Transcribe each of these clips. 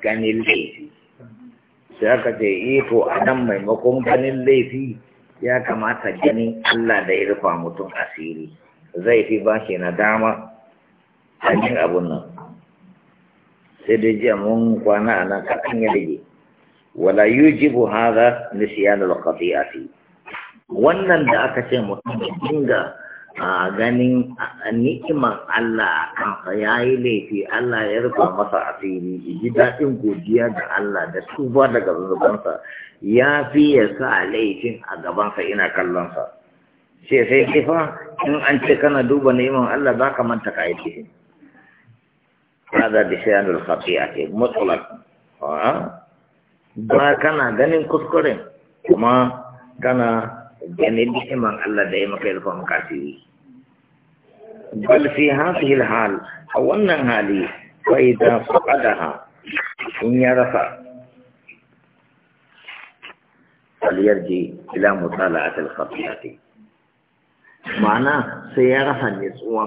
ganin laifi sai aka ce iko eh, a nan maimakon ganin laifi ya kamata ganin Allah da irfa mutum asiri zai fi ba shi na dama hanyar abun nan sai da jiya mun kwana a nan kaɗan ya rage wala yujibu hadha nisyan al-qati'ati wannan da aka ce mutum dinga a ganin ni'imar Allah a kansa ya yi laifi Allah ya rufa masa asiri ji daɗin godiya ga Allah da tuba daga zubansa ya fi ya sa laifin a gabansa ina kallonsa ce sai kifa in an ce kana duba neman Allah za ka manta ka yi cikin hada da shayanul a ke matsalar ba kana ganin kuskuren kuma kana ganin ni'imar Allah da ya maka ya rufa makasiri بل في هذه الحال حولنا هذه فإذا فقدها انيرف فليرجع إلى مطالعة الخطيئة معنى سيرها نسوا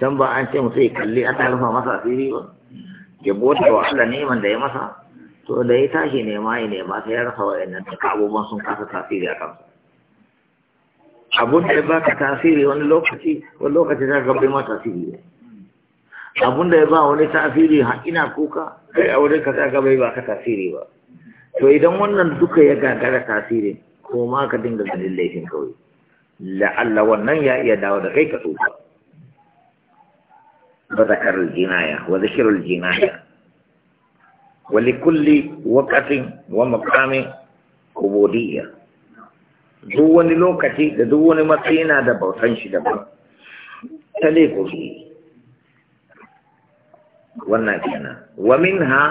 سنبع أن تمسي كلي أتعرف مسا فيه جبوت وعلى نيما دي مسا تو دي تاشي نيما نيما سيرها وإن تقعبوا من سنكاسة فيه أتعرف abun da ya baka tasiri wani lokaci wani lokaci za ka ma tasiri abun da ya ba wani tasiri ina kuka kai a wurin ka za ka bai baka tasiri ba to idan wannan duka ya gagara tasiri ko ma ka dinga ganin laifin kawai la'alla wannan ya iya dawo da kai ka tsufa ba jinaya wa jinaya wa likulli waqatin wa makamin ubudiyya duk wani lokaci da duk wani matsayi yana da bautan shi daban ta laifofi wannan kina wa min ha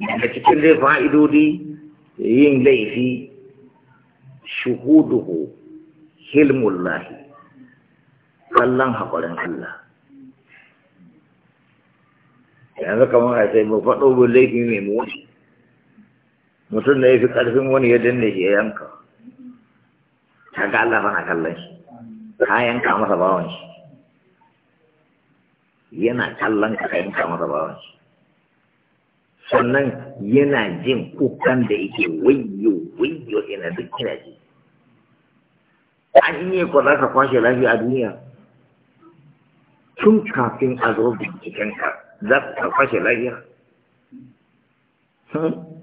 daga cikin laifin fa'idodi yin laifi shuhuduhu hilmullahi kallon haƙurin Allah yanzu kamar a sai mu faɗo laifi mai mutum da ya fi ƙarfin wani ya danne ya yanka kaga Allah bana kallon shi kayan ka masa bawan shi yana kallon ka kayan ka masa bawan shi sannan yana jin kukan da yake wayyo wayyo ina duk kina ji an yi ko za ka kwashe lafiya a duniya tun kafin a zo bincikenka za ka kwashe lafiya hmm?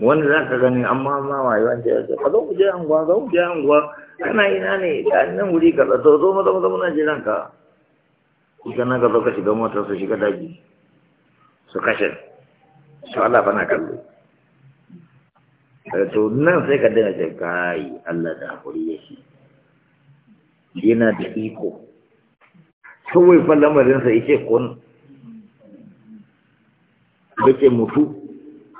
wanda za ka gani amma ma wayo an ce ka zo ku je anguwa zo ku je anguwa kana ina ne ka nan wuri ka zo zo maza maza muna jiran ka idan na ka zo ka shiga mota su shiga daji su kashe su Allah fana kallo eh, to nan sai ka dina ce kai Allah da hakuri shi yana da iko kawai fa lamarinsa yake kun ce mutu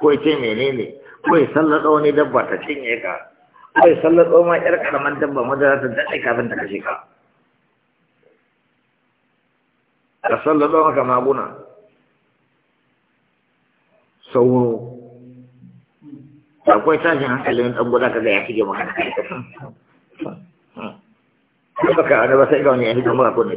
ko yake menene kai sallaɗo wani dabba ta cinye ka kai sallaɗo ma ƴar karaman dabba madara ta daɗe kafin ta kashe ka ka sallaɗo maka maguna sauro akwai tashin hankalin ɗan guda ka da ya fige maka da kai ka ka ka ka ba sai ka wani ka ka ka ko ne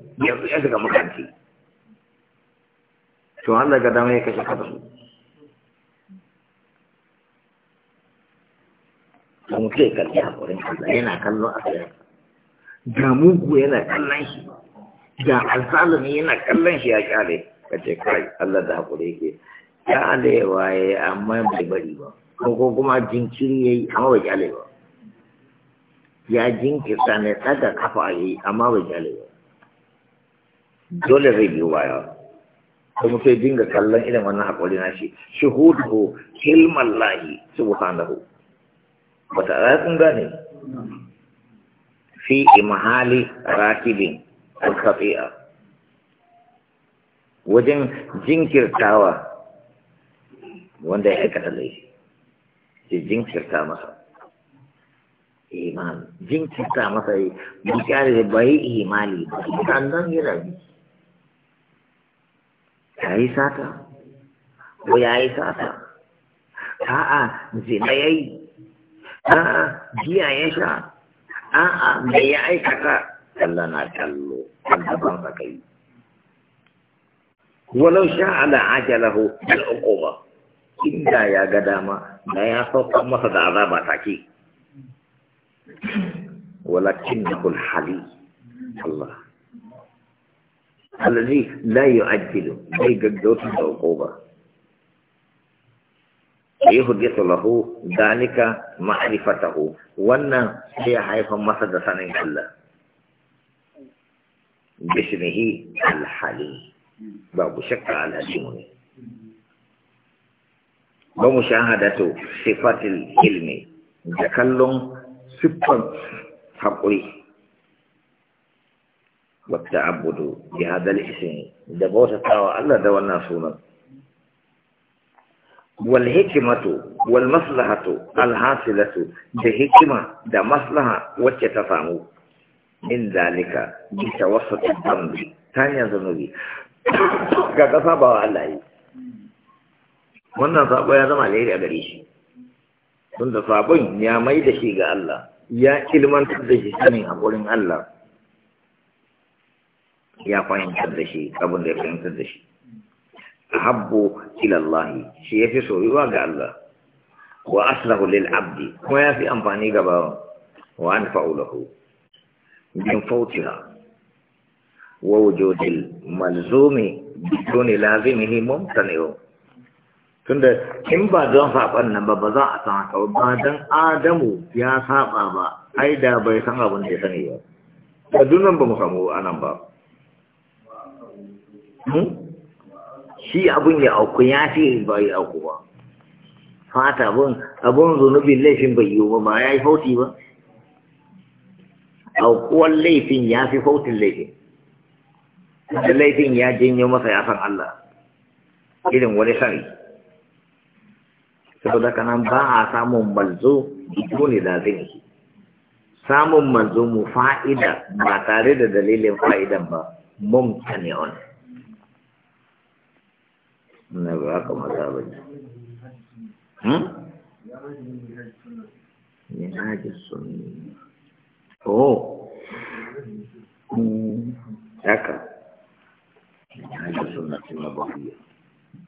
yanzu ya shiga mukanti to Allah ga dama ya kashe kada su mu ce kalli haƙurin Allah yana kallon asirin da mugu yana kallon shi da alzalumi yana kallon shi ya kyale ka ce kai Allah da haƙuri yake kyalewa ya yi amma bai bari ba ko kuma jinkiri ya yi amma bai kyale ba ya jinkirta ne tsaga kafa a yi amma bai kyale ba dole zai biyo baya ko sai dinga kallon irin wannan haƙuri na shi shuhudu hilman lahi subhanahu ba ta kun gane fi imhali rakibin al wajen jinkirtawa wanda ya aikata laifi ya jinkirta masa iman jinkirta masa yi bukari da bai imali ba sannan yana bi ya yi sata ko ya sata a'a zina ya a'a giya ya sha a'a me ya aikata Allah na kallo Allah ban sa kai walau sha ala ajalahu bil uquba inda ya ga dama na ya sauka masa da azaba take walakin al hali Allah alaji la yi ajiyo bai gaggauta da ko ba a yi hujjata sallahu danika ma'arifata hu wannan sai haifan masa da sanin allah bishirahi alhali ba ku shakka alaji ne ba mu sha hadatu sifatil ilmi da kallon siffar haƙuri wata abudu ya hada da isin da bauta tawa Allah da wannan sunan wal hikmatu wal maslahatu al hasilatu da hikma da maslaha wacce ta samu in dalika bi tawassut al-dambi tanya zanubi ga kafa ba Allah yi wannan sabo ya zama lairi a gare shi tunda sabon ya mai da shi ga Allah ya ilmantar da shi a gurin Allah ya fahimtar da shi abin da ya fahimtar da shi ahabbu ilallahi Allah shi yafi soyuwa ga Allah wa aslahu lil abdi kuma yafi amfani ga bawa wa anfa'u lahu min fawtiha wa wujudil malzumi biduni lazimihi mumtani'u tunda in ba don saban nan ba ba za a san haka ba dan adamu ya saba ba ai da bai san abin da ya sani ba da dunan ba mu samu anan ba Hmm? shi abun ya auku ya fi ba ya auku ba fata abun abun zunubin laifin bai yiwu ba ya yi fauti ba aukuwan laifin ya fi fautin laifin da laifin ya janyo masa ya san Allah irin wani sani saboda kanan ba a samun manzo ne da zai samun manzo mu fa'ida ba tare da dalilin fa'idan ba mumtani'un na ba ka mata ba ne min hmm? hajji sunni oh hmm. haka min hajji sunna sunna bahiyya